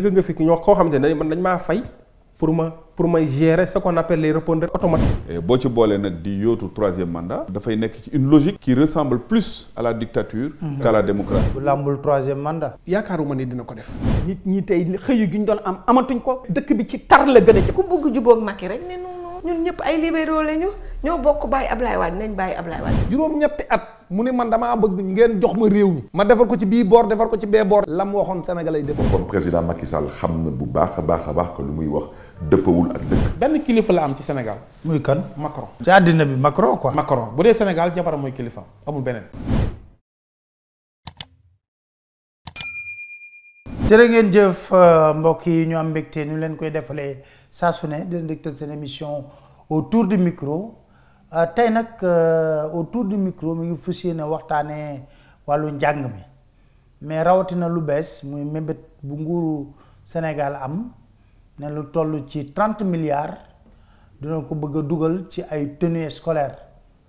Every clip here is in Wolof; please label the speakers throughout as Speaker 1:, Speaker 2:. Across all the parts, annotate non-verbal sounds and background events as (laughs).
Speaker 1: dëgg nga fi ñoo koo xamante ne man dañ maa fay pour ma pour may gérer ce qu'on appelle les répondeurs automatiques. boo ci boolee nag di yootu troisième mandat. dafay nekk ci une logique. qui ressemble plus à la dictature. Mhm. qu'à la démocratie.
Speaker 2: bu làmbul troisième mandat.
Speaker 1: yaakaaruma ni dina ko def.
Speaker 2: nit ñi tey xëyu giñ doon am amatuñ ko. dëkk bi ci tar la gën a jëm. ku
Speaker 1: bugg jubóog Macky rek ne ñun ñëpp ay libéraux la ñu ñoo bokk bàyyi Ablaye Wade nañ bàyyi Ablaye Wade. juróom-ñetti at. mu ne man damaa bëgg ngeen jox ma réew mi. ma defar ko ci bii boor defar ko ci bee boor. la
Speaker 2: mu waxoon Sénégalais yi defar ko.
Speaker 1: kon président na bu baax a baax a baax lu muy wax dëppawul
Speaker 2: kilifa la am ci Sénégal. muy kan Macron. ci àddina bi Macron quoi. Macron bu dee senegal jabaram mooy kilifa amul beneen. jërë ngeen jëf euh, mbokk yi ñu am mbégte ñu leen koy defalee. ça su directeur de cette émission autour du micro euh, tey nag euh, autour du micro mi ngi fas yéene waxtaanee wàllu njàng mi mais rawatina lu bees muy mébét bu nguuru Sénégal am ne lu tollu ci trente milliards dina ko bëgg a ci ay tenues scolaires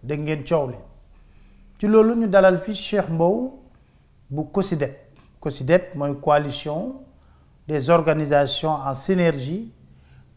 Speaker 2: de ngeen coow ci loolu ñu dalal fi Cheikh Mbow bu COSYDEP COSYDEP mooy coalition des organisations en synergie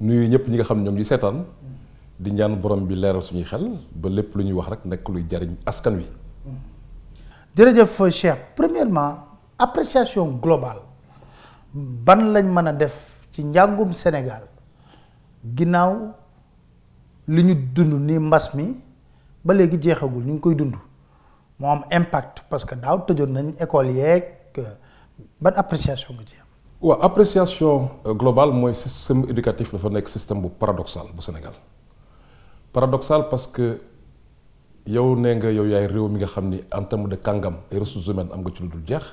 Speaker 1: nuyu ñëpp ñi nga xam ne ñoom ñi seetaan di ñaan borom bi leeral suñuy xel ba lépp lu ñuy wax rek nekk luy jariñ askan wi.
Speaker 2: jërëjëf Cheikh premièrement appréciation globale ban lañ mën def ci njàngum Sénégal ginnaaw li ñu dund ni mbas mi ba léegi jeexagul ñu koy dund moo am impact parce que daaw tëjoon nañ école yeeg euh, ban appréciation nga ci am.
Speaker 1: Oui, appréciation euh, globale le système éducatif est un système paradoxal au Sénégal paradoxal parce que yow nee nga yow yaay rew mi nga en termes de kangam et ressources humaines am nga ci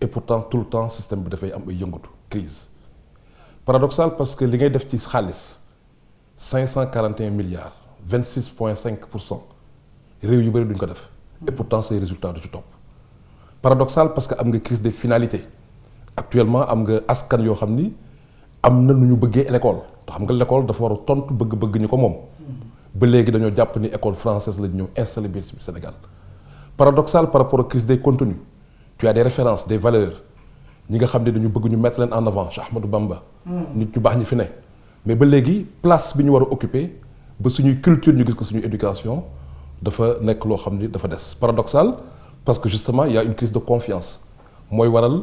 Speaker 1: et pourtant tout le temps système bi en crise paradoxal parce que li ngay def ci xaliss 541 milliards 26,5% rew et pourtant ces résultats du top. paradoxal parce que am nga crise de finalité actuellement am nga askan yo xamni am na nu ñu l'école te xam nga l'école dafa wara tontu bëgg-bëgg ñu ko ba légui dañu japp ni école française la ñu ñëw au Sénégal paradoxal par rapport à crise des contenus tu as des références des valeurs ñi nga xamni dañu bëgg ñu mettre leen en avant Cheikh Ahmadou Bamba. Hmm. nit ñu baax ñi fi ne. mais ba légui place bi ñu wara occuper ba suñu culture ñu gis ko suñu éducation dafa nekk lo xamni dafa dess paradoxal parce que justement il y a une crise de confiance moy waral.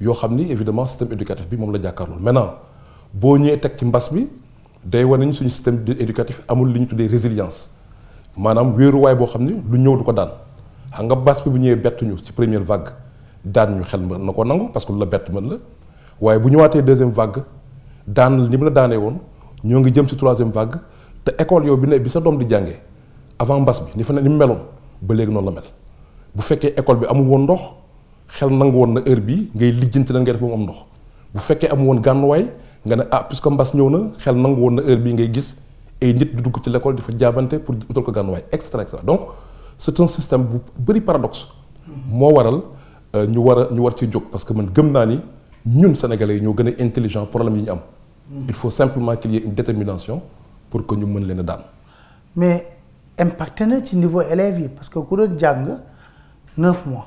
Speaker 1: yoo xam ni évidemment système éducatif bi moom la jàkkaarloo maintenant boo ñëwee teg ci mbas bi day wane ñu suñu système éducatif amul li ñu tuddee résilience maanaam wéeruwaay boo xam ni lu ñëw du ko daan xam nga mbas bi bu ñëwee bett ñu ci première vague daan ñu xel mën na ko nangu parce que lu la bett mën la waaye bu ñëwaatee deuxième vague daan li mu la daanee woon ñoo ngi jëm si troisième vague te école yow bi ne bi sa doom di jàngee avant mbas bi ni fa ne ni mu meloon ba léegi noonu la mel bu fekkee école bi amul woon ndox xel nangu won na heure bi ngay lijjanti lan ngay def ba am ndox bu fekkee am woon gànnuwaay nga ne ah puisque mbas ñëw na xel nangu woon na heure bi ngay gis ay nit di dugg ci l'école di fa jaabante pour utal ko gànnuwaay et cetera et cetera donc c'est un système bu bëri paradoxe moo waral euh, ñu war a ñu war ci jóg parce que man gëm naa ni ñun sénégalais yi ñoo gën a intelligent problème yi ñu am
Speaker 2: hmm. il faut
Speaker 1: simplement qu'il y ait une détermination pour que ñu mën leen a daan
Speaker 2: mais impacté na ci niveau élèves yi parce que ku doon jàng 9 mois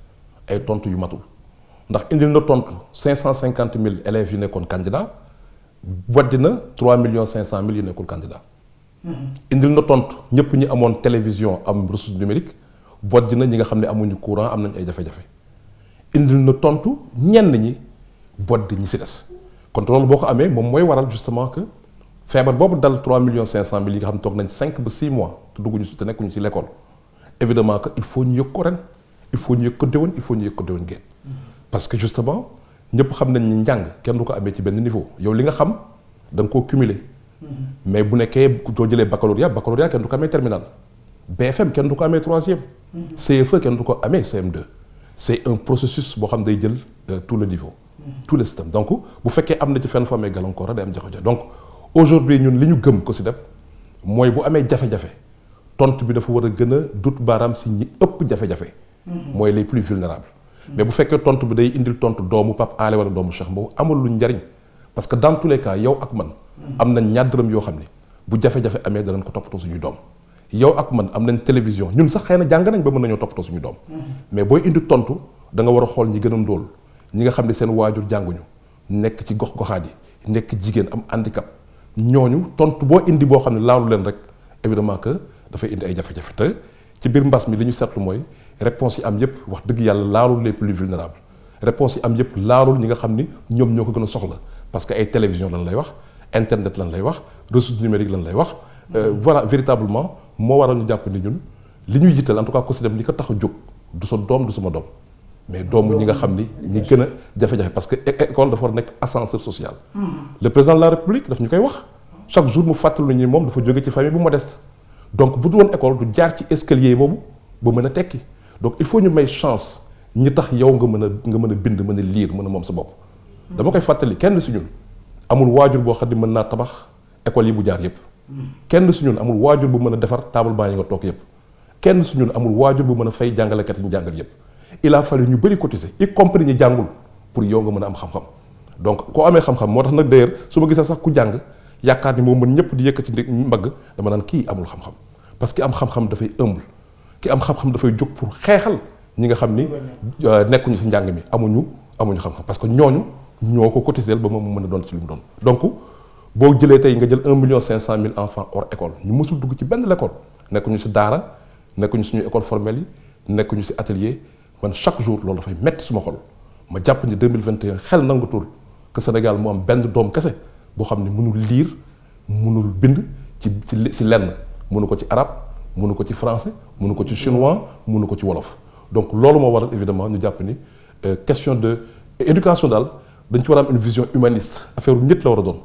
Speaker 1: ay tontu yu matul ndax indil na tontu élèves yu nekkoon candidat 3 na trois millions cinq cent candidat mm-hmm. indil na tontu ñëpp ñi télévision am ressource numérique waddi na ñi nga xam amuñu courant am nañ ay jafe-jafe indil na tontu ñenn ñi ñi si des kon loolu boo ko amee moom waral justement que feebar boobu dal trois millions yi nga cinq six mois te dugguñu l'école évidemment que il faut ñu yëg il faut ñu yëg ko il faut ñu yëg ko déwén parce que justement ñëpp xam nañ ni njàng kenn du ko amee ci benn niveau yow li nga xam da nga koo cumuler mais bu nekkee doo jëlee baccalauréat baccalauréat kenn du ko amee terminal BFM kenn du ko amee troisième CFE kenn du ko amee CM2 c'est un processus boo xam day jël euh, tout le niveau tout le système donc bu fekkee am na ci fenn formé amee gàllankoor day am jafe-jafe donc aujourd'hui ñun li ñu gëm ko si def mooy bu amee jafe-jafe tont bi dafa war a gën a dut baaraam si ñi ëpp jafe-jafe moy mm-hmm. les plus vulnérables mm-hmm. mais bu fekkee tontu bi day indil tontu doomu pap Alé wala doomu Cheikh Mbow amul lu njariñ parce que dans tous les cas yow ak man mm-hmm. am nañ ñaar dërëm yoo xam ne bu jafe-jafe amee danañ ko toppatoo suñuy doom yow ak man am nañ télévision ñun sax xëy na jàng nañ ba mën nañoo toppatoo suñu doom mais booy indi tontu da nga war a xool ñi gën a ndóol ñi nga xam ne seen waajur jànguñu nekk ci gox goxaat yi nekk jigéen am handicap ñooñu tontu boo indi boo xam ne laalu leen rek évidemment que dafay indi ay jafe-jafe te ci biir mbas mi li ñu seetlu mooy réponse yi am yëpp wax dëgg yàlla laarul les plus vulnérables réponse yi am yëpp laarul ñi nga xam ni ñoom ñoo ko gën a soxla parce que ay télévision lan lay wax internet lan lay wax ressources numériques lan lay wax euh, voilà véritablement moo waral ñu jàpp ni ñun li ñuy jiital en tout cas ku si dem li ko tax a jóg du sa doom du sama doom mais doomu ñi nga xam ni ñi gën a jafe-jafe parce que école dafa war nekk ascenseur social hmm. le président de la république daf ñu koy wax chaque jour mu fàttali ñu moom dafa jóge ci famille bu modeste donc bu du woon école du jaar ci escalier boobu ba mën a tekki donc il faut ñu may chance ñi tax yow nga mëna nga mëna bind mëna lire mëna a moom sa bop dama koy fatali kenn si amul wajur boo xam mëna tabax école yi bu jaar yépp kenn si amul wajur bu mëna défar table ba yi nga toog yëpp. kenn si amul wajur bu mëna fay jàngalekat kat bu jàngal yépp il a fallu ñu bari cotiser y compris ñu jàngul pour yow nga mëna am xam-xam donc ko amé xam-xam motax nak nag d'ailleurs su ma sax ku jàng yaakaar ni mo mën ñëpp di yëkati mbagg dama nan ki amul xam-xam parce que am xam-xam da fay humble ki am xam-xam dafay jóg pour xeexal ñi nga xam ni euh, nekkuñu si njàng mi amuñu amuñu xam-xam parce que ñooñu ñoo ko cotiser ba moom mu mën a doon ci li mu doon donc boo jëlee tey nga jël un million cinq cent mille enfants hors école ñu mësul dugg ci benn école nekkuñu si daara nekkuñu suñu école formelle yi nekkuñu si atelier man chaque jour loolu dafay metti suma xol ma jàpp ni 2021 xel nangutul que Sénégal mu am benn doom kese boo xam ne mënul lire mënul bind ci ci lenn mënu ko ci arab mënu ko ci français mënu ko ci chinois mënu ko ci wolof donc loolu moo waral évidemment ñu jàpp ni euh, question de éducation daal dañ ci war am une vision humaniste affaire bu ñett la war a doon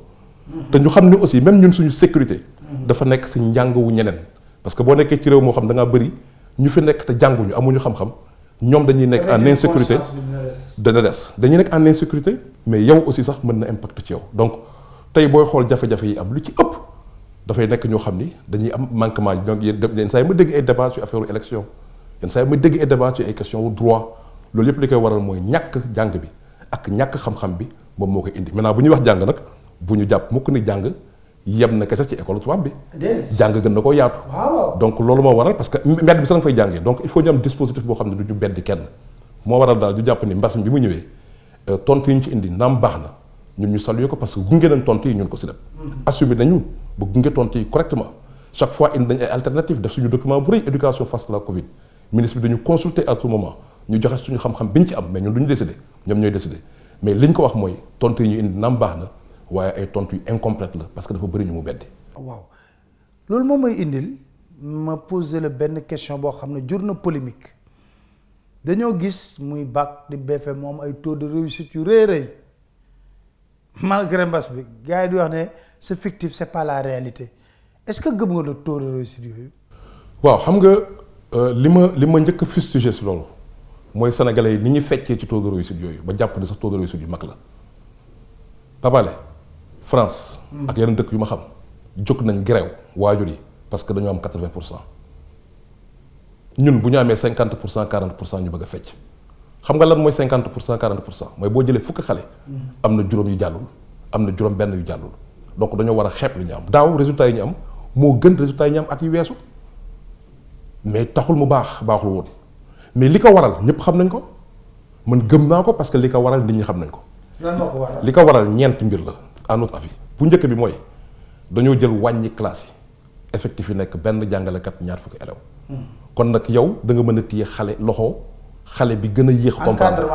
Speaker 1: te ñu xam ni aussi même ñun suñu sécurité dafa nekk si njàng wu ñeneen parce que boo nekkee ci réew moo xam da ngaa bëri ñu fi nekk te jànguñu amuñu xam-xam ñoom dañuy nekk en insécurité dana des dañuy nekk en insécurité mais yow aussi sax mën na impact ci yow donc tey booy xool jafe-jafe yi am lu ci ëpp dafay nekk ñoo xam ni dañuy am manquement donc yenn saa yi ma dégg ay débat ci affaire élection yenn say yi ma dégg ay débat ci ay question wu droit loolu yëpp li koy waral mooy ñàkk jàng bi ak ñàkk xam-xam bi moom moo koy indi maintenant bu ñuy wax jàng nag bu ñu jàpp mukk ni jàng yem na kese ci école tubaab bi jàng gën na ko yaatu donc loolu moo waral parce que mbedd bi sax fay jàngee donc il faut ñu am dispositif boo xam ne du ñu bedd kenn moo waral daal du jàpp ni mbas bi mu ñëwee euh, tontu yi ñu ci indi ndam baax na ñun ñu saluer ko parce que gunge nañ tontu yi ñun ko si dem mm-hmm. assumé nañu si vous avez correctement chaque fois y alternative document pour l'éducation face à la Covid ministre de nous consulter à tout moment Nous avons suñu nous mais décider mais ce ko incomplète parce que dafa bëri ñu
Speaker 2: mu waaw poser la question boo xam polémique dañoo gis muy BFM taux de réussite yu malgré mbas c'est fictif, ce n'est pas la réalité. Est-ce que vous avez le taux de réussite Oui,
Speaker 1: vous savez, ce que j'ai fustigé, c'est que les Sénégalais, ce qu'ils font sur taux de réussite, c'est que j'ai pris le taux de réussite du Macla. Papa, la France, avec les pays que je connais, ils ont fait une grève, parce qu'ils ont 80%. Nous, si nous avons 50%, 40%, nous voulons faire. Vous savez ce que c'est 50%, 40% Si vous prenez les enfants, il y a des enfants qui ont des enfants, il y a des enfants qui ont des donc dañoo war a xeep li ñu am daaw résultat yi ñu am moo gën résultat yi ñu am at yi weesu mais taxul mu baax baaxul woon mais li ko waral ñëpp xam nañ ko mën gëm naa ko parce que li ko waral nit ñi xam nañ ko. li ko waral ñeent mbir la à notre avis bu njëkk bi mooy dañoo jël wàññi classe yi effectif yi nekk benn jàngalekat ñaar fukki élèves. Hmm. kon nag yow da nga mën a téye xale loxo xale bi gën a yéex. comprendre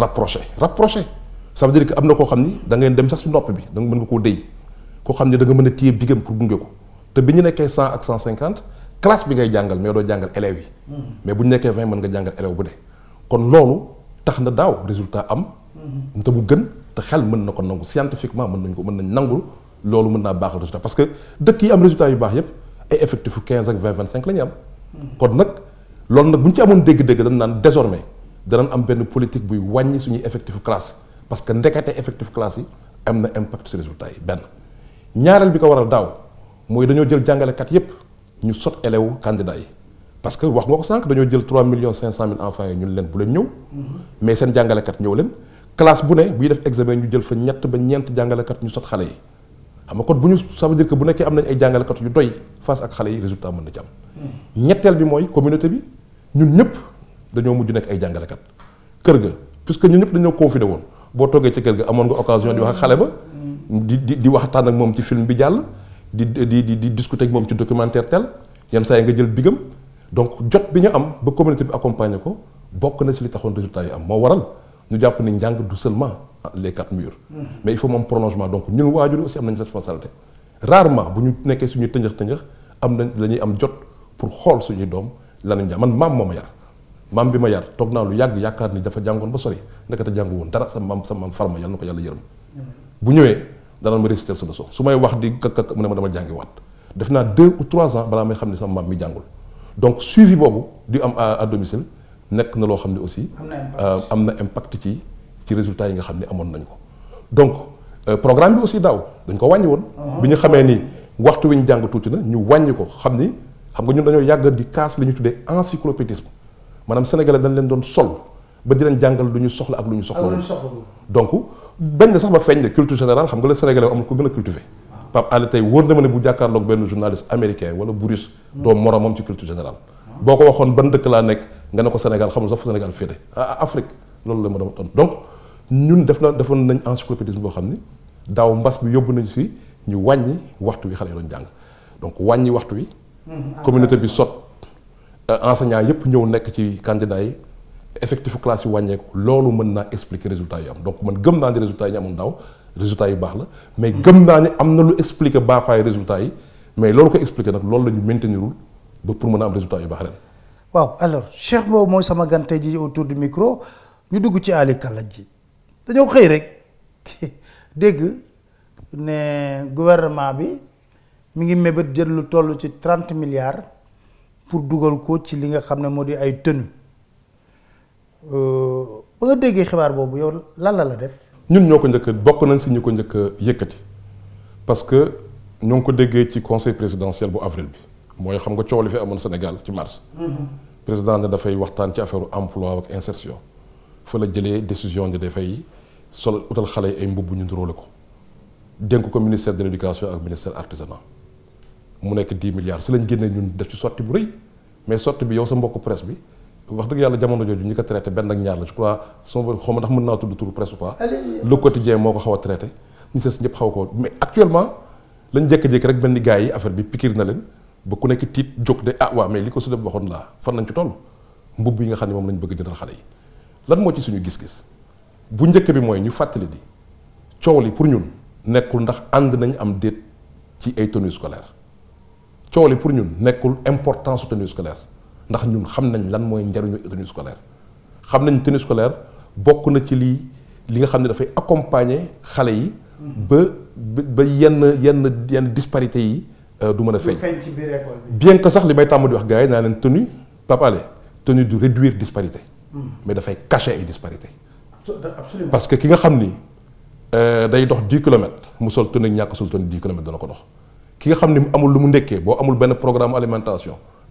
Speaker 1: rapproché rapproché. ça veut dire que am na koo xam ni da ngeen dem sax si nopp bi da nga koo déy. ko xamni da nga mëna a téye bigam pour bungé ko té biñu nekké 100 ak 150 classe bi ngay jangal mais do jangal élève yi mm-hmm. mais buñu nekké 20 mën nga jangal élève bu dé kon lolu tax na daaw résultat am mm-hmm. te bu gën té xel mën na ko nangu scientifiquement mën nañ ko mën nañ nangul lolu mën na baaxal résultat parce que dëkk yi am résultat yu baax yépp ay effectif 15 ak 20 25 la am
Speaker 3: mm-hmm.
Speaker 1: kon nak lolu nak buñ ci amone dégg-dégg dañ nan désormais danañ am benn politique buy wañi suñu effectif classe parce que ndekete effectif classe yi amna impact sur résultat yi benn ñaaral bi ko waral daaw mooy dañoo jël jàngalekat yépp ñu sot parce que wax avons ko sànq jël 3 500 000 enfants yi nous leen bu leen ñëw. mais seen classe bu ne buy def examen ñu jël fa ñett ba ñeent jàngalekat ñu sot xale yi xam nga ça veut dire que bu nekkee yu doy face ak xale yi résultat
Speaker 3: mën
Speaker 1: na bi mooy communauté bi ñun ñëpp dañoo mujj nekk ay jàngalekat kër puisque ñun ñëpp dañoo confiné woon boo toggee ci kër nga occasion di wax ak di di di waxtaan ak moom ci film bi jàll di di di di discuter ak moom ci documentaire tel yenn saa nga jël bigam donc jot bi ñu am ba communauté bi accompagner ko bokk na ci li taxoon résultat yi am moo waral ñu jàpp ni njàng du seulement les quatre murs. Mm-hmm. mais il faut moom prolongement donc ñun waajur aussi am nañ responsabilité rarement bu ñu nekkee suñu tënjëx tënjëx am nañ dañuy am jot pour xool suñuy doom lanuñ jàng man maam moo ma yar mam bi ma yar tok na lu yag yakar ni dafa jangone ba sori nekata te jàngu dara sa mam sa maam farma yalla nako yalla yàlla mm-hmm. bu ñewé danañ ma réciter sama son sumay wax di këkk këkk mune ma dama jàngiwaat def naa 2 ou 3 ans bala may xamni sama mam mi jangul donc suivi bobu di am euh, à domicile nek na lo xamni aussi euh, am na impact ci ci résultat yi nga xamni amon nañ ko donc euh, programme bi aussi daw dañ ko wañi won uh-huh. biñu xamé ni waxtu wiñ jang jàng na ñu wañi ko xamni xam nga ñun dañu yag di casse liñu tuddé encyclopédisme manam sénégalais dañ leen doon sol ba di leen jangal luñu soxla ak luñu soxla donc bañ na sax ba feeñ ne culture générale xam nga le sénégalais amul ko gën a cultivé Pape Alé tey wóor na ma bu jàkkaarloog benn journaliste américain wala bu russe doo moromam ci culture générale boko waxone waxoon ban dëkk laa nekk nga ne ko sénégal xam sax fu sénégal féete ah, ah, afrique loolu la ma doon donc ñun def na defon nañ encyclopédisme bo xamni daw mbass bi yóbbu nañu si ñu wañi waxtu wi xalé yi doon jàng donc wañi waxtu wi hum, hum. communauté bi sot euh, enseignant yépp ñëw nek ci candidat yi effectif classe yi ko lolu mën na expliquer résultat yi am donc man gëm na ni résultat yi ñu ndaw daaw résultat yi bax la mais gëm na ni am na lu expliquer ba fay résultat yi mais lolu ko expliquer nak lolu lañu maintenir ba pour mën am résultat yu bax ren.
Speaker 2: waaw alors Cheikh bo moy sama ganté ji autour du micro ñu dugg ci Ali Kalaj ji dañu xey rek (laughs) dégg né gouvernement bi mi ngi mébét jël lu tollu ci 30 milliards pour dugal ko ci li nga xamné modi ay tenues. ba nga déggee xibaar boobu yow lan la la def.
Speaker 1: ñun ñoo ko njëkk bokk nañ si ñu ko njëkk yëkkati parce que ñu ngi ko déggee ci conseil présidentiel bu avril bi mooy xam nga coow li fi amoon Sénégal ci mars. Mm-hmm. président ne dafay waxtaan ci affaire emploi ak insertion fa la jëlee décision ne dafay sol utal xale yi ay mbubb ñu nduróole ko dénk ko ministère de l' éducation ak ministère artisanat mu nekk 10 milliards si lañ génnee ñun def ci sotti bu rëy mais sotti bi yow sa mbokk presse bi. wax deug yalla jamono joju ñi ko traité ben ak ñaar la je crois son xaw ma ndax mën naa tudd tur presse ou pas le quotidien moko xawa traité ñi ses ñep xaw ko mais actuellement lañu jek jek rek ben gaay yi affaire bi pikir na leen ba ku nekk tit jog de ah wa mais liko su def waxon la fan nañ ci toll mbub yi nga xamni mom lañu bëgg jëndal xalé yi lan mo ci suñu gis-gis bu njëkk bi moy ñu fatali di ciowli pour ñun nekkul ndax and nañ am déet ci ay tenue scolaire ciowli pour ñun nekkul importance tenue scolaire ndax ñun xam nañ lan mooy njariñu tenue scolaire xam nañ tenue scolaire bokk na ci li li nga xam ne dafay accompagner xale yi ba ba yenn yenn yenn disparité yi euh, du mën a feeñ bien que sax li may tàmm di wax gars yi naa leen tenue Pape Alé tenue du réduire disparité hmm. mais dafay cacher ay disparité absolument parce que ki nga xam ni euh, day dox 10 kilomètres mu sol tenue ñàkk sul tenue 10 kilomètres dana ko dox ki nga xam ni amul lu mu ndekkee boo amul benn programme alimentation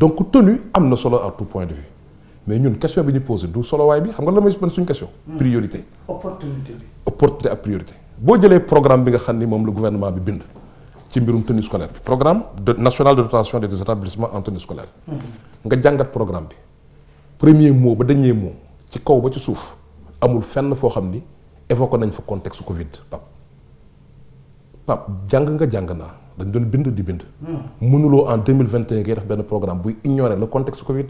Speaker 1: donc tenue am na solo à tout point de vue mais ñun question bi nous posons du solo waay bi xam nga la may suñu question. Hmm. priorité.
Speaker 2: opportunité
Speaker 1: opportunité à priorité Si vous programme bi nga xam ni gouvernement bi bind. ci une tenue scolaire programme de national de dotation des établissements en tenue scolaire. Hmm. nga jàngat programme bi. premier mot ba dernier mot ci kaw ba ci suuf amul fenn foo xam ni évoqué nañ fa contexte Covid pap pap jàng nga jàng naa dañ doon bind di bind. mënuloo en 2021 mille vingt et ngay def benn programme bu ignorer le contexte Covid.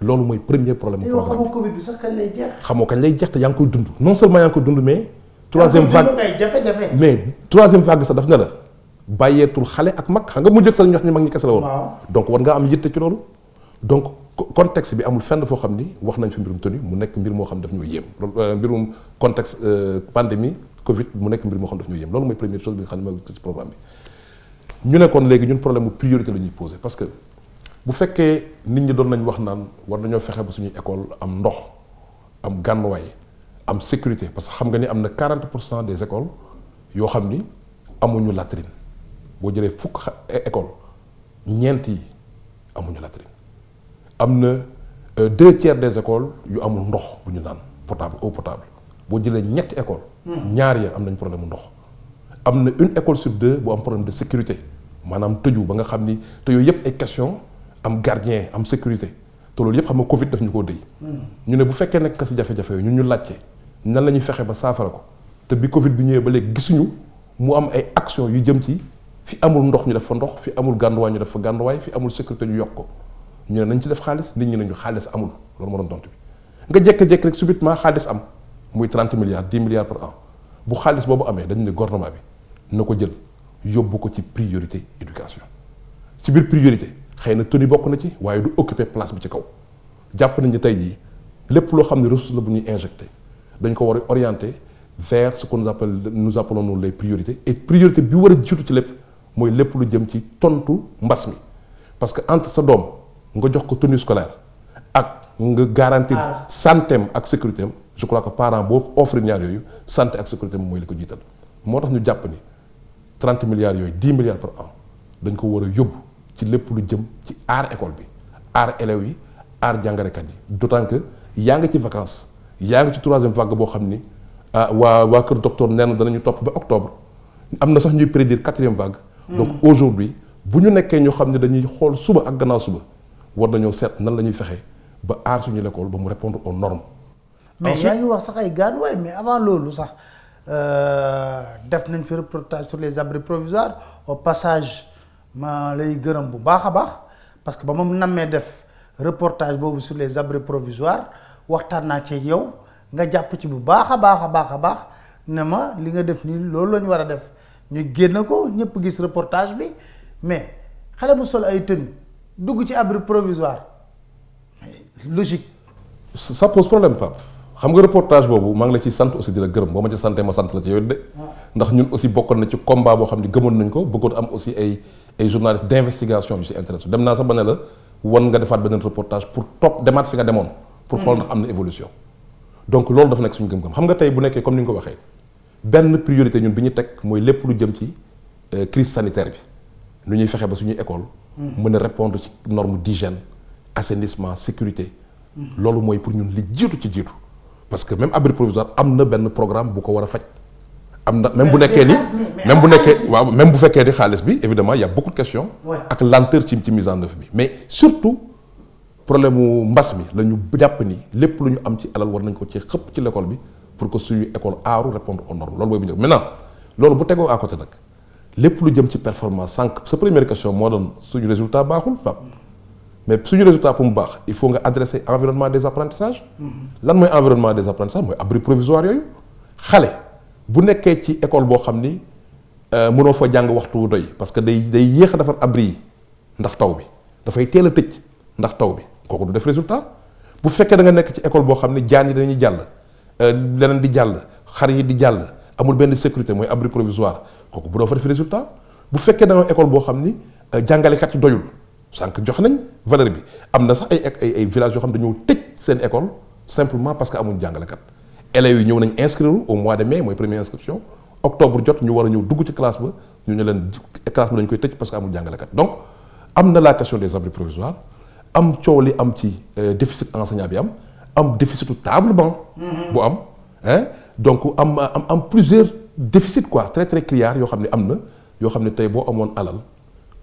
Speaker 1: loolu mooy premier problème. programme
Speaker 2: bi xamoo Covid bi sax kañ lay jeex.
Speaker 1: xamoo kañ lay jeex te yaa ngi koy dund non seulement yaa ngi koy dund mais. troisième vague jafe-jafe mais troisième vague sax daf na la bàyyeetul xale ak mag xam nga mu njëkk ñox ñu wax ni mag ñi kese la woon. donc war nga am yitte ci loolu. donc contexte bi amul fenn foo xam ni wax nañ fi mbirum tenue mu nekk mbir moo xam daf ñoo yéem euh, mbirum contexte euh, pandémie Covid mu nekk mbir moo xam daf ñoo yéem loolu mooy première chose bi nga xam ne mooy ci programme bi ñu ne kon léegi ñun problème priorité la ñuy posé parce que bu fekkee nit ñi doon nañ wax naan war nañoo fexe ba suñu école am ndox am gànnuwaay am sécurité parce que xam nga ni am na 40 pour cent des écoles yoo xam ni amuñu latrine boo jëlee fukk école ñeent yi amuñu latrine am na euh, deux tiers des écoles yu amul ndox bu ñu naan potable eau potable boo jëlee ñetti école hmm. ñaar ya am nañ problème ndox am na une école sur deux bu am problème de sécurité manam tëju ba nga xamni te yooyu yëpp ay question am gardien am sécurité te lolou yep xam nga Covid daf ñuko deuy hmm. ñu ne bu fekke nek nga si jafé jafe ñun ñu laajte nan la fexé fexe ba saafara ko te bi Covid bi ñëwé ba léegi gisuñu mu am ay action yu jëm ci fi amul ndox ñu dafa ndox fi amul gànduwaay ñu dafa fa fi amul sécurité ñu yokk ko ñu ne nañ ci def xaliss nit ñi nañu xaliss amul loolu mo doon tontu bi nga jékki-jékki rek subitement xaliss am muy 30 milliards 10 milliards par an bu xaliss bobu amé dañ ne gouvernement bi nako jël yobuko ci priorité éducation ci bir priorité xeyna na toni bokk na ci waye du occuper place bi ci kaw japp nañu tay yi lepp lo xamni xam ne la injecté dañ ko war orienter orienté vers ce que nous appelle nous appelons nous les priorités et priorité bi wara a ci lepp moy lepp lu jëm ci tontu mbass mi parce que entre sa dom nga jox ko tenue scolaire ak nga garantir ah. santé ak sécurité je crois que parents boo offrir ñaar yoyu santé ak sécurité moy mooy li ko jiital moo ñu japp ni 30 milliards yoy 10 milliards par an dañ ko wara a ci lepp lu jëm ci art école bi art élèves yi art jangare jàngalekat yi d'autant que ya nga ci vacances ya nga ci 3e vague bo xamni ah, wa wa keur docteur nena dañu top ba octobre amna sax ñuy prédire 4e vague. Hmm. donc aujourd'hui buñu nekké ñu xamni dañuy xol suba ak gannaaw suba war nañoo set nan lañuy fexé ba art suñu l'école ba mu répondre aux normes.
Speaker 2: mais yaa ngi wax sax ay gaan way mais avant lolu sax. Euh, def nañ fi reportage sur les abris provisoires au passage ma lay gërëm bu baax a baax parce que ba moom nammee def reportage boobu sur les abris provisoires waxtaan naa ci yow nga jàpp ci bu baax a baax a baax a baax ne ma li nga def ni loolu la ñu war a def ñu génn ko ñëpp gis reportage bi mais xale bu sol ay tenue dugg ci abri provisoire logique.
Speaker 1: ça pose problème Pape xam nga reportage boobu maa ngi la ci sant aussi di la gërëm boo ma ci santee ma sant la ci yow de ah. ndax ñun aussi bokkoon na ci combat boo xam ne gëmoon nañ ko bëggoon am aussi ay ay journalistes d'investigation yu si intéressé dem naa sax ba ne la won nga defaat beneen reportage pour topp demaat fi nga demoon pour hmm. xool ndax am na évolution donc loolu dafa nekk suñu gëm-gëm xam nga tey bu nekkee comme ni nga ko waxee benn priorité ñun bi ñu teg mooy lépp lu jëm ci euh, crise sanitaire bi nu ñuy fexe ba suñu école hmm. mën a répondre ci norme d'hygiène assainissement sécurité hmm. loolu mooy pour ñun li jiitu ci jiitu parce que même abri provisoire am na benn programme bu ko war a faj. même bu euh, nekkee ni même bu nekkee waaw même bu fekkee di xaalis bi évidemment il y a beaucoup de questions. ak lenteur ci ci mise en œuvre bi mais surtout problème mu mbas mi la ñu jàpp ni lépp lu ñu am ci alal war nañ ko ci xëpp ci l'école bi pour que suñu école aaru répondre aux normes loolu mooy bu njëkk maintenant loolu bu tegoo à côté nag lépp lu jëm ci performance sànq sa première question moo doon suñu résultat baaxul Pape mais suñu résultat pour mu il faut nga adresser environnement des apprentissages lan environnement des apprentissages mooy abri provisoire yooyu xale bu nekkee ci école boo xam ni euh, mënoo fa jàng waxtu wu doy parce que day day yéex a defar abri yi ndax taw bi dafay teel a tëj ndax taw bi kooku du def résultat bu fekkee da nga nekk ci école boo xam ni jaan yi dañuy jàll euh, leneen di jàll xar di jàll amul benn sécurité mooy abri provisoire kooku bu doo fa def résultat bu fekkee da nga école boo xam ni euh, jàngalekat yi doyul sànq jox nañ valeur bi am na sax ay ay ay villages yoo xam dañoo tëj seen école simplement parce que amuñ jàngalekat élèves yi ñëw nañ inscrire au mois de mai mooy première inscription octobre jot ñu war a ñëw dugg ci classe ba ñu ne leen classe ba dañ koy tëj parce que amul jàngalekat donc am na la question des abris provisoires am coow li am ci euh, déficit enseignant bi am am déficit table banc bu am hein donc am am am plusieurs déficit quoi très très clair, yoo xam ne am na yoo xam ne tey boo amoon alal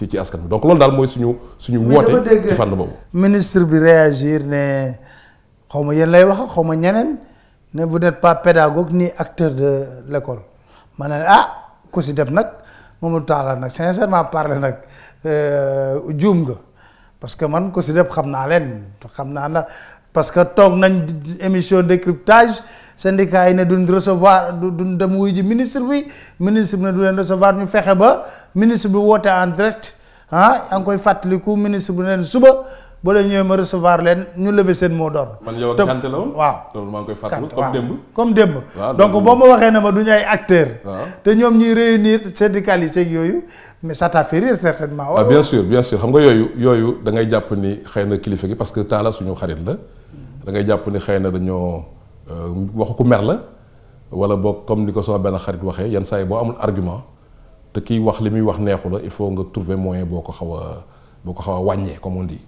Speaker 1: ci ci askan bi donc loolu daal mooy suñu suñu woote ci fànn boobu
Speaker 2: ministre bi réagir ne xaw ma yéen lay wax xaw ma ñeneen ne vous n'êtes pas pédagogue ni acteur de l'école ma ne ah ko si def nag Mamadou Talla nag sincèrement parler nag euh, juum nga parce que man ko si def xam naa leen xam naa la parce que toog nañ émission décryptage syndicat yi ne duñ recevoir duñ dem wuy ji ministre bi ministre ne du leen recevoir ñu fexé ba ministre bi woote en direct ah ang koy koy ku ministre bu len suba bo la ñëw ma recevoir len ñu lever sen mo d'ordre.
Speaker 1: man yow ak Kanté la woon waaw loolu ma ngi koy fàttaliku comme demb
Speaker 2: comme demb donc bo ma waxé na ma duñ ay acteur te ñom ñi réunir syndicalistes ak yoyu mais ça t'a fait rire certainement. Ah, waaw bien sûr
Speaker 1: bien sûr xam nga yoyu yoyu da ngay japp ni xeyna kilifa gi parce que Talla suñu xarit la da ngay japp ni xeyna na dañoo. Euh, waxu ku mer la wala boog comme ni ko sama benn xarit waxee yenn saa yi boo amul argument te kiy wax li muy wax neexu la il faut nga trouver moyen boo ko xaw a boo ko xaw a wàññee comme on dit.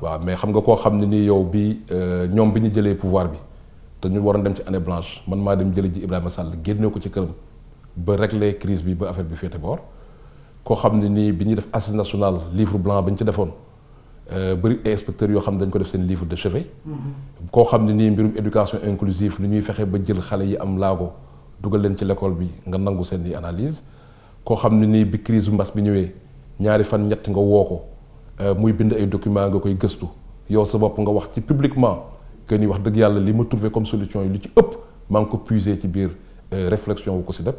Speaker 1: waaw mais xam nga koo xam ne nii yow bi euh, ñoom bi ñu jëlee pouvoir bi te ñu waroon dem ci année blanche man maa dem jëlee ji Ibrahima Sall génne ko ci këram ba régler crise bi ba affaire bi féete boor koo xam ne nii bi ñuy def assises national livre blanc bi ñu ci defoon. Euh, bëri inspecteur yoo xam dañ ko def seen livre de chevet. koo xam ne nii mbirum éducation inclusive lu ñuy fexe ba jël xale yi am laago dugal leen ci l'école bi nga nangu seen i analyse koo xam ne nii bi crise mbas bi ñëwee ñaari fan ñett nga woo ko euh, muy bind ay document nga koy gëstu yow sa bopp nga wax ci publiquement que ni wax dëgg yàlla li ma trouvé comme solution yi lu ci ëpp maa ngi ko puiser ci biir euh, réflexion wu ko si def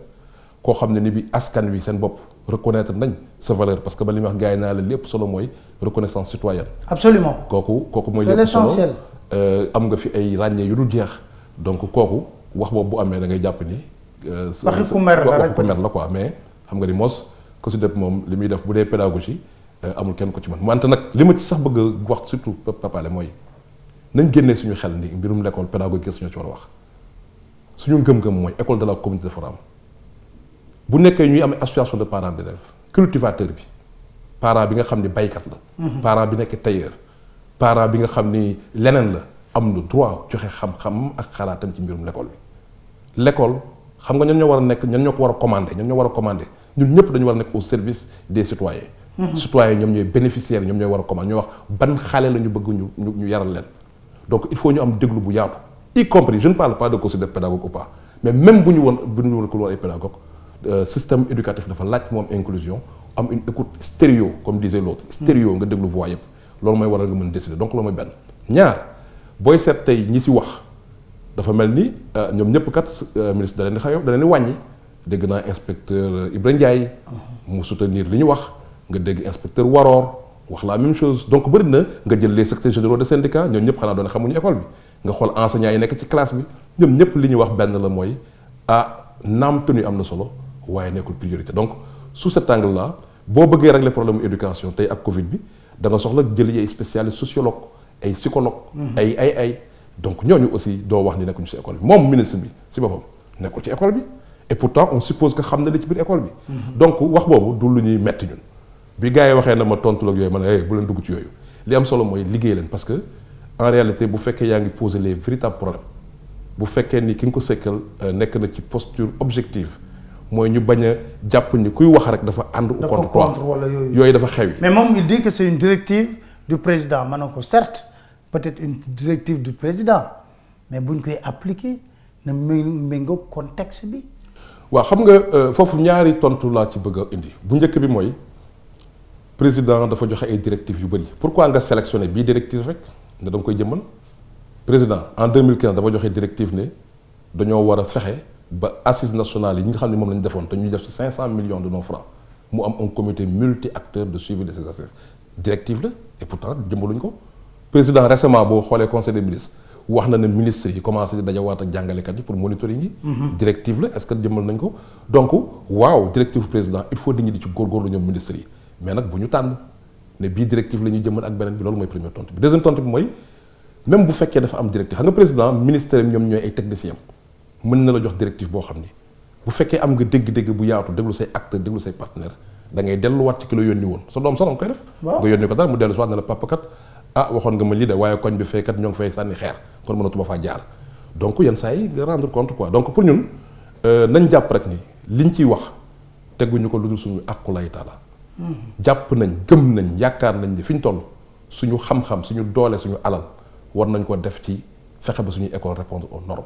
Speaker 1: koo xam ne ni bi askan wi seen bopp reconnaître nañ sa valeur parce que ba limi wax gars yi naa la lépp solo mooy reconnaissance citoyenne. absolument kooku kooku mooy. lépp solo euh, am nga fi ay ràññee yu dul jeex donc kooku wax boobu bu amee da ngay jàpp ni. Euh, waxi ku mer la waxi ku mer la quoi mais xam nga ni mos ku si def moom li muy def bu dee pédagogie euh, amul kenn ko ci man wante nag li ma ci sax bëgg a wax surtout papale mooy nañ génnee suñu xel ni mbirum l'école pédagogique suñu ci war a wax suñu ngëm-ngëm mooy école de la communauté de bu nekkee ñuy am association de parents d'élèves cultivateur bi parent bi nga xam ni baykat la. Mhm. parent bi nekk tailleur. parent bi nga xam ni leneen la am na droit joxe xam-xam ak xalaatam ci mbirum l'école bi l'école xam nga ñan ñoo war a nekk ñan ñoo ko war a commandé ñan ñoo war a commandé ñun ñëpp dañu war a nekk au service des citoyens. Mhm. citoyens ñoom ñooy bénéficiaires ñoom ñooy war a commandé ñoo wax ban xale la ñu bëgg ñu ñu yaral leen donc il faut ñu am déglu bu yaatu. y compris je ne parle pas de conseil de pédagogue ou pas mais même bu ñu woon bu ñu woon ko ay pédagogue euh, système éducatif dafa laaj mom inclusion am une écoute stéréo comme disait l'autre stéréo nga déglu voix yépp loolu mooy waral nga mën décider donc loolu mooy benn ñaar booy seet tey ñi si wax dafa mel ni euh, ñoom ñëpp kat euh, ministre da leen di xaw da leen di wàññi dégg naa inspecteur Ibrahima Ndiaye mu soutenir li ñu wax nga dégg inspecteur Waror wax la même chose donc bëri na nga jël les secteurs généraux de syndicat ñoom ñëpp xanaa doon xamuñu école bi nga xool enseignants yi nekk ci classe bi ñoom ñëpp li ñuy wax benn la mooy ah naam tenu am na solo priorité donc sous cet angle là boo bëggee régler problème problèmes éducation tey ak Covid bi da nga soxla jël ay sociologue ay psychologue mhm. donc nous aussi doo wax ni nekkuñu ci école bi moom bi ci école et pourtant on suppose que xam li ci école mhm. donc wax boobu du lu ñuy metti ñun. bi na ma ak bu parce que en réalité bu fekkee yaa poser les véritables problèmes bu fekkee ni ki nga euh, posture objective moy ñu baña japp jàpp ni kuy wax rek dafa and au contre wala yoy dafa xewi mais mom
Speaker 2: il dit que c'est une directive du président manoko certes peut-être une directive du président mais buñ koy appliquer na méngoo contexte bi
Speaker 1: wa xam nga euh, fofu ñaari tontu la ci bëgg indi bu njëkk bi moy président dafa joxe ay directives yu bari pourquoi nga sélectionner bi directive rek ne da nga koy jëmmal président en 2015 dafa joxe directive ne dañoo war a fexe ba assises nationales yi nga xam ne moom la ñu defoon te ñu def ci 500 millions de nos francs mu am un comité multi acteur de suivi de ces assises directive la et pourtant jëmbaluñ ko président récemment boo xoolee conseil des ministres wax na ne ministre yi commencé di dajawaat ak jàngalekat yi pour monitoring yi. Mhm. directive la est-ce que jëmbal nañ ko. donc waaw directive président il faut nit ñi di ci góorgóorlu ñoom ministre mais nag bu ñu tànn ne bii directive la ñuy ak beneen bi loolu mooy première tontu bi deuxième tontu bi mooy même bu fekkee dafa am directive xam nga président ministère yi ñoom ñooy ay techniciens. mën na la jox directive boo xam ni bu fekkee am nga dégg-dégg bu yaatu déglu say acteur déglu say partenaire da delluwaat ci ki la yónni woon sa doom sax nga koy def. nga yónni ko dara mu ah, waxoon nga ma de waaye koñ bi fay kat ñoo fay sànni xeer kon mënatuma faa jaar donc yenn saa yi nga rendre compte quoi donc pour ñun euh, nañ jàpp rek ni liñ ciy wax teguñu ko lu suñu àqulaay taala hmm. jàpp nañ gëm nañ yaakaar nañ di fi ñu toll suñu xam-xam suñu doole suñu alal war nañ ko def ci fexe ba suñu école répondre aux normes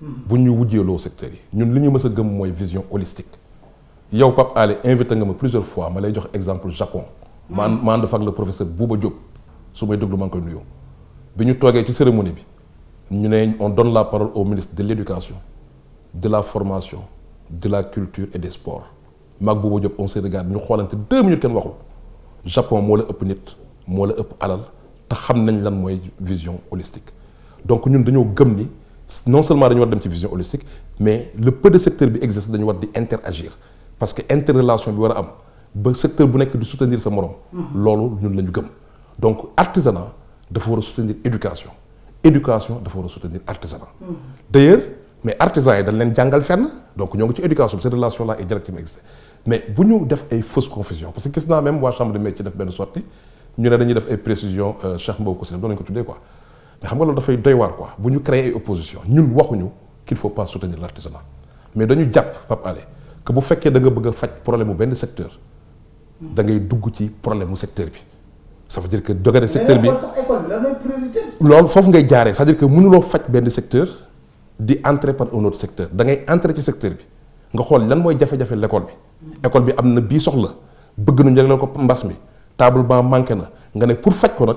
Speaker 1: bu ñu wujjeeloo secteurs yi ñun li ñu mës gëm mooy vision holistique yow Pape Alé invité nga ma plusieurs fois ma lay jox exemple Japon ma hmm. ànd fa le professeur Bouba Diop su may déglu maa ngi koy nuyu bi ñu toogee ci cérémonie bi ñu ne on donne la parole au ministre de l'éducation de la formation de la culture et des sports maag Bouba Diop on se regarde ñu xoolante deux minutes kenn waxul Japon moo la ëpp nit moo la ëpp alal te xam nañ lan mooy vision holistique donc ñun dañoo gëm ni non seulement nous avons dem ci vision holistique mais le peu de secteurs bi existe dañu interagir parce que interrelation bi secteur qui nekk soutenir ce morom. Mhm. loolu ñun donc l'artisanat, il faut soutenir l'éducation. L'éducation il faut soutenir l'artisanat. Mhm. D'ailleurs, mais artisans yi dañ leen jàngal donc nous avons une éducation cette relation là est directement existée mais si nous def une fausse confusion parce que gis même la chambre de métier def benn sortie ñu ne une def ay précisions euh, Cheikh Mbow ko si quoi mais xam nga loolu dafay doy waar quoi bu ñu créer opposition ñun waxuñu qu'il faut pas soutenir l'artisanat mais dañu jàpp Pape Alé que bu fekkee da nga bëgg a faj problème mu benn secteur da ngay dugg ci problème mu secteur bi ça veut dire que dogane secteur bi loolu foofu ngay jaaree c'est-à-dire que mënuloo faj benn secteur di entrer par un autre secteur da ngay entrer ci secteur bi nga xool lan mooy jafe-jafe l'école bi école bi am na bii soxla bëgg nañu leen ko mbas mi table banc manqué na nga ne pour faj ko nag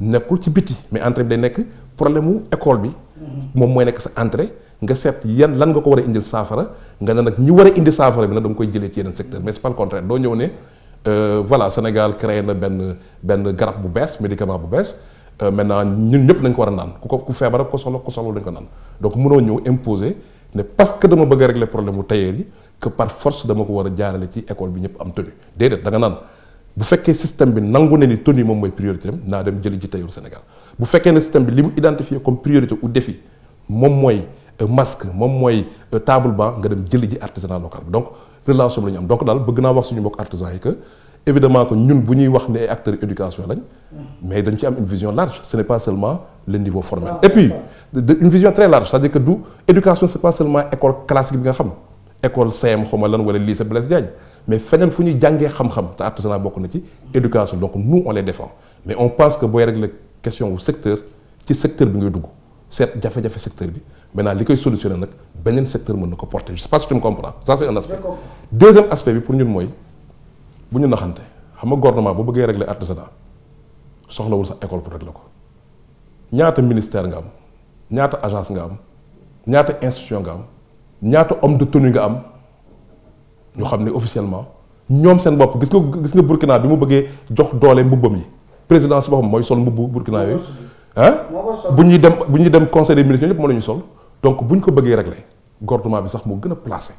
Speaker 1: nekkul ci biti mais entrée bi day nekk problème mu école bi. moom mooy nekk sa entrée nga seet yan lan nga ko war a indil saafara nga ne nag ñi war a indi saafara bi nag dama koy jëlee ci yeneen secteur mais c'est pas ñëw ne euh, voilà Sénégal créé na benn benn garab bu bees médicament bu bees euh, maintenant ñun ñëpp nañ ko war a naan ku ko ku feebar ko soxla ko soxla lañ ko naan donc mënoo ñëw imposer ne parce que dama bëgg a régler problème mu tailleur yi que par force dama ko war a jaarale ci école bi ñëpp am tenue déedéet da nga naan. bu fekkee système bi nangu na ni toni, moom mooy priorité am naa dem jëli ji tayul Sénégal bu fekkee ne système bi li mu identifié comme priorité ou défi moom mooy euh, masque moom mooy euh, table banc nga dem jëli ji artisanat local donc relation bi la ñu am donc daal bëgg naa wax suñu mbokk artisans yi que évidemment que ñun bu ñuy wax ne ay acteurs éducation lañ mais dañ ci am une vision large ce n'est pas seulement le niveau formel et puis une vision très large c'est-à-dire que du éducation c'est pas seulement école classique bi nga xam école CM xaw ma lan wala lycée Blaise Diagne mais feneen fu ñuy jàngee xam-xam te artisanat bokk l'éducation.. ci éducation donc nous on les défend mais on pense que booy régler question du secteur ci secteur bi ngay dugg seet jafe le secteur bi maintenant li koy solutionné nag beneen secteur mën na porter je sais pas si tu me comprends ça c'est un aspect deuxième aspect bi pour ñun mooy bu ñu naxante xam nga gouvernement bu bëggee régler artisanat soxlawul sax école pour régler ko ñaata ministère nga am ñaata agence nga am ñaata institution nga am ñaata homme de tenue ñu xamné officiellement ñom seen bop gis nga gis nga Burkina bi mu bëggee jox doole mbubbam yi président si boppam mooy sol mbubu Burkina yi hein buñu dem buñu dem conseil des ministres ñëpp moo la ñu sol donc buñ ko bëggé régler gouvernement bi sax mo gëna placer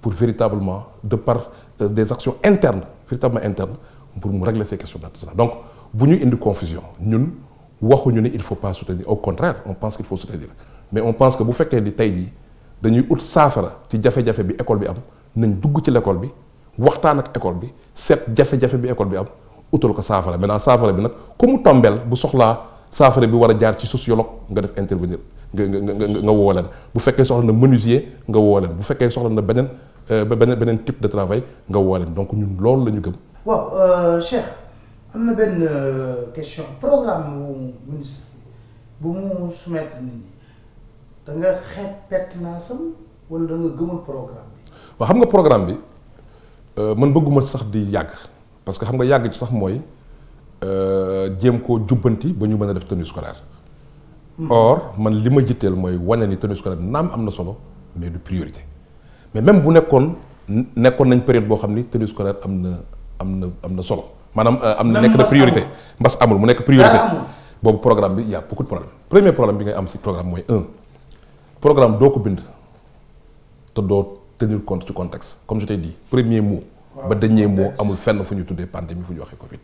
Speaker 1: pour véritablement de par euh, des actions internes véritablement internes pour mu régler ces questions là donc buñu indi confusion ñun waxuñu ne il faut pas soutenir au contraire on pense qu'il faut soutenir mais on pense que bu fekkee ni tey jii dañuy ut saafara ci jafe-jafe bi école bi am. nañ dugg ci l'école bi waxtaan ak école bi seet jafe-jafe bi école bi am utal ko saafara maintenant saafara bi nag ku mu tombeel bu soxlaa saafara bi war a jaar ci sociologue nga def intervenir nga nga nga woo leen bu fekkee soxla na menuisier nga woo leen bu fekkee soxla na beneen euh, beneen beneen type de travail nga woo leen donc ñun loolu lañu gëm.
Speaker 2: waaw euh, Cheikh am na benn euh, question programme mu ministre bu mu soumettre nit ñi da nga xeeb pertinence am gëmul programme.
Speaker 1: wa xam nga programme bi euh, man bëgguma sax di yag parce que xam nga yag ci sax euh jëm ko jubanti ba ñu mëna def tenue scolaire. Hmm. or man lima jittel moy mooy wane ni tenue scolaire nam amna solo mais du priorité mais même bu nekkon nekkon nañ période bo xamni ni tenue scolaire amna amna amna solo manam euh, amna nek na priorité mbass amul mu nek priorité bobu programme bi ya beaucoup de problème premier problème bi ngay am ci programme moy 1 programme doko bind te do tenir compte du contexte comme je t'ai dit premier mot. dernier mot amul fenn fu tout pandémie fu ñu Covid.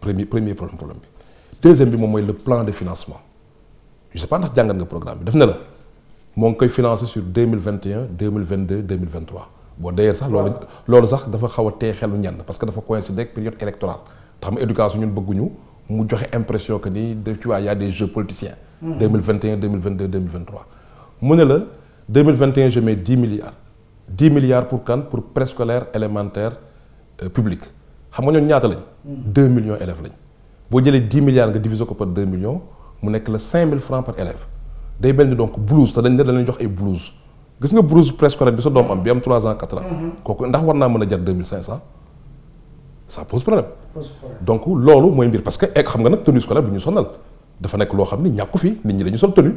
Speaker 1: premier premier problème pour deuxième bi le plan de financement je sais pas ndax nga programme bi def na la sur 2021, 2022, 2023. d'ailleurs ça, c'est sax parce que dafa coïncider avec période électorale dans l'éducation, éducation ñun bëgguñu l'impression joxe que tu y a des jeux politiciens. 2021, 2022 2023, 2021, je mets 10 milliards. 10 milliards pour quand Pour préscolaire, élémentaire, euh, public. 2 mm. millions d'élèves. Si vous avez 10 milliards, vous par 2 millions, vous avez 5 000 francs par élève. Vous avez donc blouse, vous avez des blouses. Vous avez blouse préscolaire, vous avez 3 ans, 4 ans. Vous avez 2 2500 ça pose problème. Donc, c'est ce que parce que, vous eh, avez tenue scolaire, vous savez, dafa nekk loo xam ni ñàkku fi nit ñi dañu sol tenue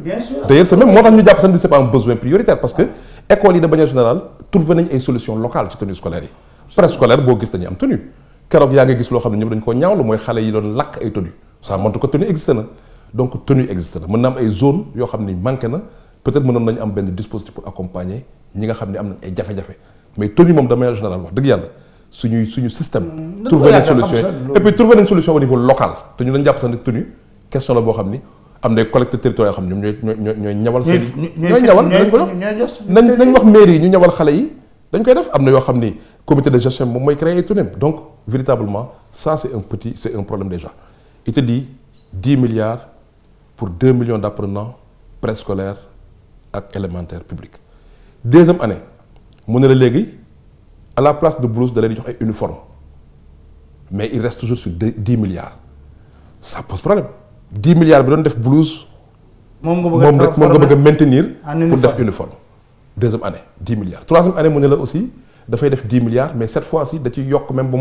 Speaker 1: d'ailleurs c'est même moo tax ñu jàpp sax c'est pas un besoin prioritaire parce que école yi de manière générale trouver nañ ay solutions locales ci tenue scolaire yi préscolaire boo gis dañuy am tenue keroog yaa ngi gis loo a ne de dañ le ñaawlu mooy xale yi doon lakk ay tenue ça montre que tenue existe na donc tenue existe na mën na am ay zone yoo xam ni manqué na peut-être mënoon nañu am benn dispositif pour accompagner ñi nga xam ne am nañ ay mais tenue moom de manière générale wax dëgg c'est suñuy suñu système hmm. trouver une solution et puis trouver nañ solution au niveau local Tenue ñu dañ jàpp tenue question la boo xam ni am na collecte territoire yoo xam ñoom ñooy ñooy ñooy ñawal seen ñooy ñawal nañ nañ wax mairie yi ñu ñawal xale yi dañ koy def am na yoo xam ni comité de gestion moom mooy tout tunem donc véritablement ça c'est un petit c'est un problème déjà il te dit 10 milliards pour 2 millions d'apprenants préscolaires et élémentaire public deuxième année mu ne la léegi à la place de blouse da leen jox ay uniforme mais il reste toujours sur 10 milliards ça pose problème 10 milliards bi doon def blouse.
Speaker 2: moom nga bëgg
Speaker 1: maintenir. Ah, pour def uniforme. deuxième année 10 milliards troisième année mu ne aussi 10 milliards mais cette fois ci da ci yokk même ba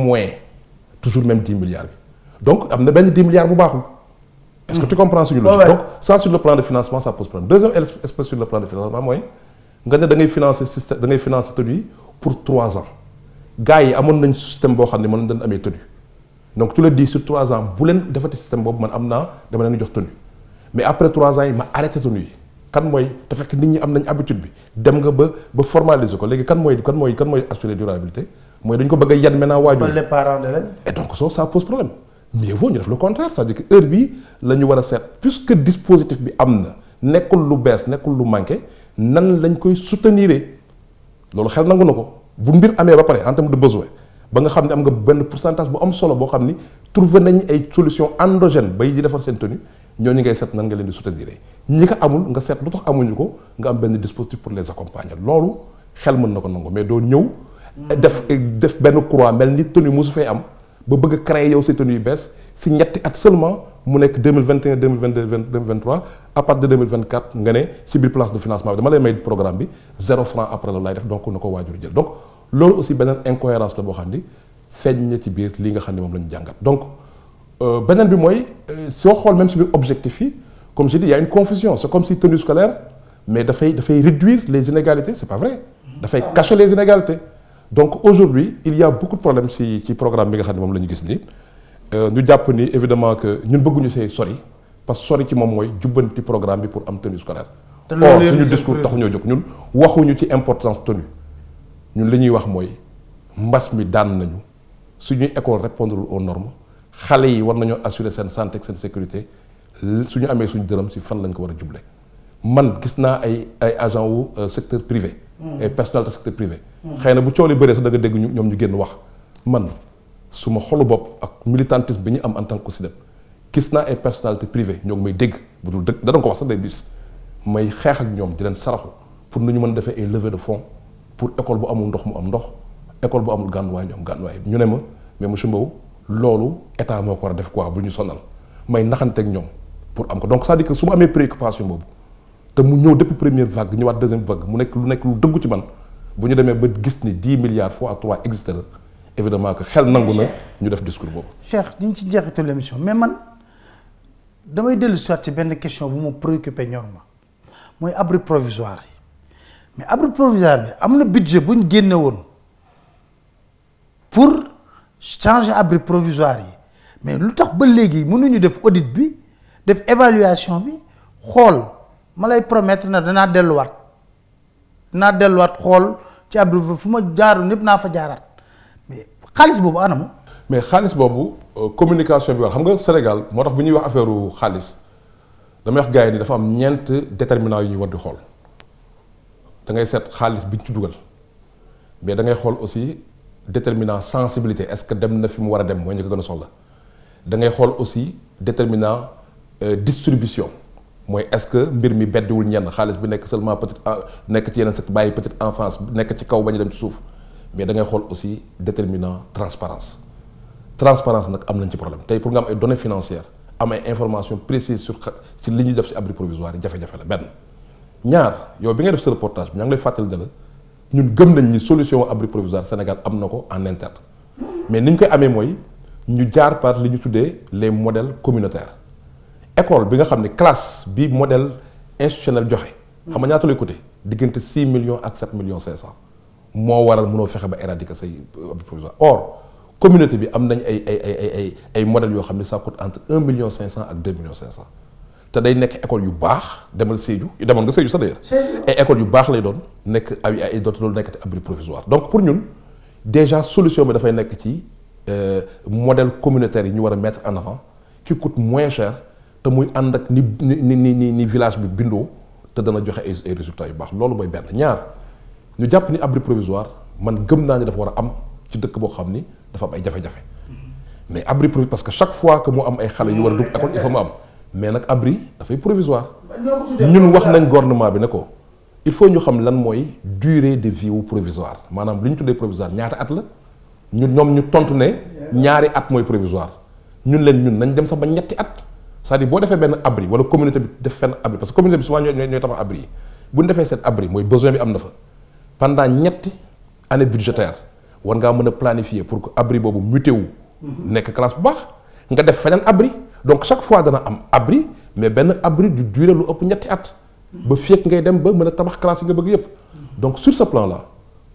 Speaker 1: toujours même 10 milliards donc am na benn 10 milliards bu baaxul. est-ce que hmm. tu comprends ce que je logique donc ça sur le plan de financement ça pose problème deuxième espèce sur le plan de financement mooy nga ne da ngay financer financer pour 3 ans gars yi amoon système boo xam ne mën leen donc tu le dis sur trois ans vous faire le système man mais après trois ans il ma arrêté tenue kan te nit ñi une habitude bi formaliser quand durabilité les parents de et donc ça pose problème Mais vous le contraire c'est-à-dire que heure bi la puisque dispositif bi ne na pas lu bees nekkul lu manqué nan lañ soutenir bu mbir ba en termes de besoin ba nga xam ne am nga benn pourcentage bu am solo boo xam ni trouvé nañ ay solution endogène bay di defar seen tenue ñooñu ngay set nan nga leen di soutenir ñi ko amul nga set lu tax amuñu ko nga am benn dispositif pour les accompagner loolu xel mën na ko nangu mais doo ñëw def def benn croix mel ni tenue mosu fay am ba bëgg créer yow sa tenue yu bees si ñetti at seulement mu nekk 2021 2022 2023 à partir de 2024 nga ne si biir place de financement bi dama lay may programme bi zéro franc après la lay def donc na ko waajur jël donc loolu aussi beneen incohérence la boo xam ni feeñ na ci biir li nga xam ne moom jàngat donc euh, beneen bi mooy euh, soo xool même si biir objectif comme je dis il y a une confusion c'est comme si tenue scolaire mais dafay dafay réduire les inégalités c'est pas vrai dafay ah. cacher les inégalités donc aujourd'hui il y a beaucoup de problèmes si ci programme bi nga xam ne moom la ñu gis nii euh, ñu jàpp ni évidemment que ñun bëgguñu see sori parce que sori ci moom mooy jubbanti programme bi pour am tenue scolaire or suñu discours taxuñoo jóg ñun waxuñu ci importance tenue ñun li ñuy wax mooy mbas mi daan nañu suñu école répondre aux normes xale yi war nañoo assurer seen santé ak seen sécurité suñu amee suñu dërëm si fan lañ ko war a juble man gis naa ay ay agent wu euh, secteur privé ay hmm. personnel de secteur privé hmm. xëy na bu coow li bëree sax da nga dégg ñu ñoom ñu génn wax man suma ma xolu bopp ak militantisme bi ñu am en tant que SYDEP gis naa ay personnalité privée ñoo ngi may dégg bu dul dëgg danañ ko wax sax day bis may xeex ak ñoom di leen saraxu pour nu ñu mën defee ay levée de fonds pour école bu amul ndox mu am ndox école bu amul gànnuwaay ñom am gànnuwaay ñu ne ma mais monsieur Mbow lolu état moko wara def quoi bu ñu sonal may ak ñom pour am ko donc ça dit que su amé préoccupation bobu te mu ñëw depuis première vague ñëwaat deuxième vague mu nek lu nek lu dëggu ci man bu ñu demee ba gis ni 10 milliards fois 3 existe la évidemment que xel nanguna ñu def discours bobu
Speaker 2: Cheikh ñu ngi ci jeexital émission mais man damay dellu si ci ben question bu ma préoccupé ñorma moy abri provisoire mais abri provisoire amna budget buñu ñu génne pour changer abri provisoire yi mais lutax tax ba léegi mënuñu def audit bi def évaluation bi xol malay promettre na dana wat na danaa wat xol ci abri fuma ma nepp na fa jaarat mais xaalis boobu anam.
Speaker 1: mais xaalis bobu euh, communication bi war xam nga Sénégal motax tax bu ñuy wax affaire xaalis damay wax gaay ni dafa am ñent déterminant yu ñu war di xool. da ngay seet xaalis bi ñu ci dugal mais da ngay xool aussi déterminant sensibilité est-ce que dem na fi mu war a dem mooy ñu ko gën a soxla da ngay xool aussi déterminant euh, distribution mooy est-ce que mbir mi beddiwul ñenn xaalis bi nekk seulement petite ah, nekk ci yeneen secteur bàyyi petite enfance nekk ci kaw ba ñu dem ci suuf mais dangay xool aussi déterminant transparence transparence nag am nañ ci problème tey pour nga am ay données financières am ay informations précises si li ñuy def si abri provisoire yi jafe benn ñaar yow bi nga def ce reportage bi ngi lay fàttali de la ñun gëm nañ ni solution abri provisoire Sénégal am en interne mais ni ñu koy amee mooy ñu jaar par li ñu les modèles communautaires école bi nga xam classe bi modèle institutionnel joxe xam nga ñaata lay coûté 6 millions ak 7 millions 500 moo waral mënoo fexe ba éradiquer say abri provisoire or communauté bi am nañ ay ay ay ay ay modèles yoo xam ça coûte entre 1 million 500 ak 2 millions 500 te day nek école yu bax demal Sédhiou demal nga Sédhiou sa d'ailleurs et école yu bax lay don nek ay ay dootu loolu nekkati abri provisoire donc pour ñun déjà solution bi da fay nek ci euh modèle communautaire ñu wara mettre en avant qui coûte moins cher te muy ànd ak ni ni ni ni village bi bindo te dana joxe ay ay résultats yu bax loolu moy ben ñaar ñu japp ni abri provisoire man gëm naa ni dafa wara am ci dëkk bo xamni ni dafa am ay jafé jafé mm-hmm. mais abri provisoire parce que chaque fois que mo am ay xalé yu wara dug mm-hmm. école il faut mu am mais nak abri dafay provisoire. ñun wax nañ gouvernement bi ne ko. il faut ñu xam lan mooy durée de vie provisoire maanaam li ñu tuddee provisoire ñaata at la ñu ñoom ñu tontu ne ñaari at mooy provisoire ñun leen ñun nañ dem sax ba ñetti at c'est-à-dire boo defee benn abri wala communauté bi def fenn abri parce que communauté bi souvent ñooy ñooy tabax abri yi bu ñu defee seen abri mooy besoin bi am na fa pendant ñetti année budgétaire war ngaa mën a planifier pour que abri boobu muté wu. Mm-hmm. nekk classe bu baax nga def feneen abri donc chaque fois dana am abri mais ben abri du durer lu ëpp ñetti at. ba fekk ngay dem ba mën a tabax classe nga bëgg yëpp. donc sur ce plan là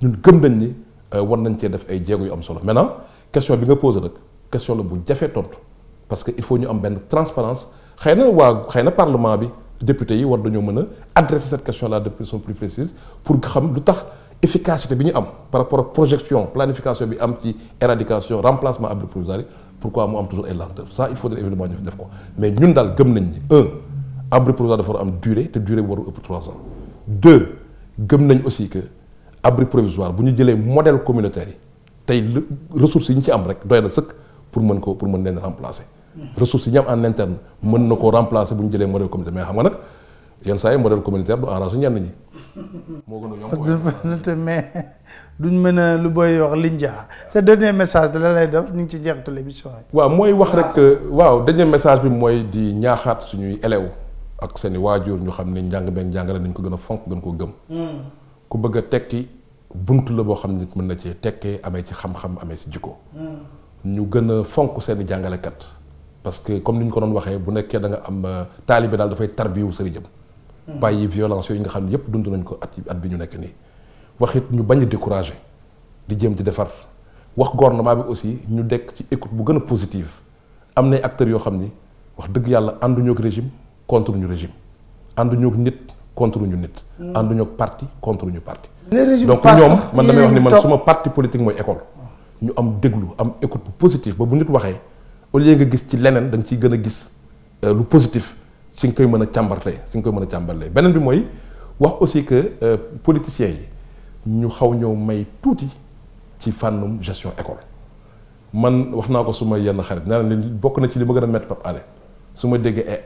Speaker 1: nous gëm nañ ni euh, war nañ Maintenant, def ay jéego am solo maintenant question bi nga poser nak question la bu parce qu'il faut une am transparence Il wa que parlement bi député yi war dañu cette question là de façon plus précise pour que lu tax. efficacité bi ñu am par rapport la projection planification bi am ci éradication remplacement abri provisoire pourquoi mu am toujours ay lenteurs ça il faudrait évidemment ñu def ko mais ñun nous gëm nañ ni un abri provisoire dafa war a am durée te durée bi warul trois ans deux gëm nañ aussi que abri provisoire bu ñu un modèle communautaire les tey ressources yi ñu ci am rek doy na sëkk pour mën ko pour mën leen remplacer. ressources yi ñu en interne mën na koo remplacer bu ñu jëlee modèle communautaire mais xam nga nag yenn saa modèle communautaire du arranger ñenn ñi. moo gën a
Speaker 2: yomb (laughs) mais. duñ mën a lu booy wax linja sa dernier message la lay def ñu ngi ci jeexitu l'émission waaw mooy wax rek
Speaker 1: waaw dernier message bi mooy di ñaaxaat suñuy élèves ak seen i waajur ñu xam ne njàng beeg njàngale nañ ko gën a fonk gën ko gëm. Hmm. ku bëgg a tekki bunt la boo xam ne nit mën na cee tekkee amee ci xam amee si jikko. Hmm. ñu gën a fonk seen i jàngalekat. parce que comme ni ñu ko doon waxee bu nekkee da nga am euh, taalibe daal dafay tarbiwu sëriñam. Hmm. bàyyi violence yooyu nga xam ne yëpp dund nañ ko at at bi ñu nekk nii. waxit ñu bañ a découragé di jëm di defar wax gouvernement bi aussi ñu dekk ci écoute bu gën a positive am nay acteurs yoo xam ni wax dëgg yàlla ànduñu ak régime contre ñu régime ànduñu ak nit contre ñu nit. Mm. ànduñu ak parti contre ñu parti.
Speaker 2: donc ñoom man damay wax ni man suma
Speaker 1: parti politique mooy école. ñu am déglu am écoute bu positif ba bu nit waxee au lieu nga gis ci leneen da nga ciy gën a gis euh, lu positif si nga koy mën a càmbarlee si nga koy mën a càmbarlee beneen bi mooy wax aussi que euh, politiciens yi ñu xaw ñëw may tuuti ci fànnum gestion école man wax naa ko suma yenn xarit Je leen bokk na ci li ma gën a mettre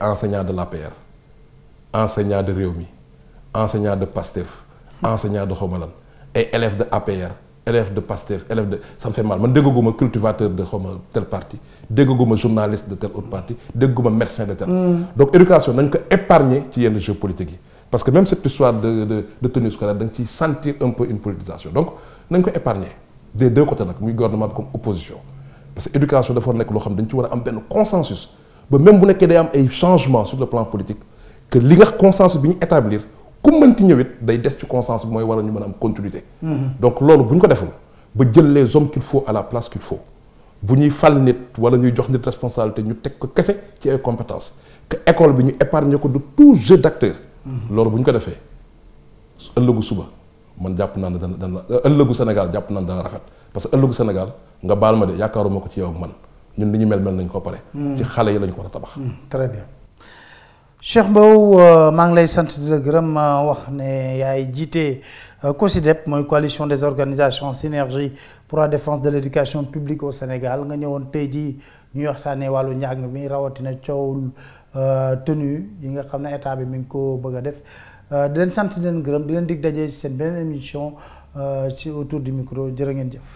Speaker 1: enseignant de l'APR enseignant de Rewmi enseignant de PASTEF enseignant de xomalan élève ay de APR élève de PASTEF élève de ça me fait mal man déggaguma cultivateur de tel parti déggaguma journaliste de tel autre parti déggaguma médecin de tel mm. donc éducation nañ ko épargner ci yenn jeu politique yi parce que même cette histoire de, de, de tenue scolaire, donc, qui sentir un peu une politisation. Donc, nous avons épargner des deux côtés, le gouvernement comme opposition. Parce que l'éducation, il faut avoir un consensus. Mais même si nous avons un changement sur le plan politique, que le consensus est établi, comme nous avons des un consensus, nous continuer une continuité. Mm-hmm. Donc, c'est ce le a On ba jël les hommes qu'il faut à la place qu'il faut bu ñuy fal des wala ñuy jox nit responsabilité ñu teg ko des compétences que école bi ñu épargner ko de tout jeu d'acteurs loolu bu ñu ko defee ëllëgu suba man jàpp naa ne dana dana ëllëgu Sénégal jàpp naa ne dana rafet parce que ëllëgu Sénégal nga baal ma de yaakaaruma ko ci yow ak man ñun li ñu mel mel nañ ko pare. Hmm. ci xale yi lañ ko war a tabax. Hmm.
Speaker 2: très bien Cheikh Mbow euh, maa ngi lay sant di la gërëm euh, wax ne yaay jiite euh, COSYDEP mooy coalition des organisations synergie pour la défense de l' éducation publique au Sénégal nga ñëwoon tey jii ñuy waxtaanee wàllu njàng mi rawatina coowul. Euh, tenue yi nga xamné état bi mi ngi ko bëgg def euh di len sant di len gërëm di len dig dajé ci seen beneen émission euh, ci autour du micro jërë ngeen jëf.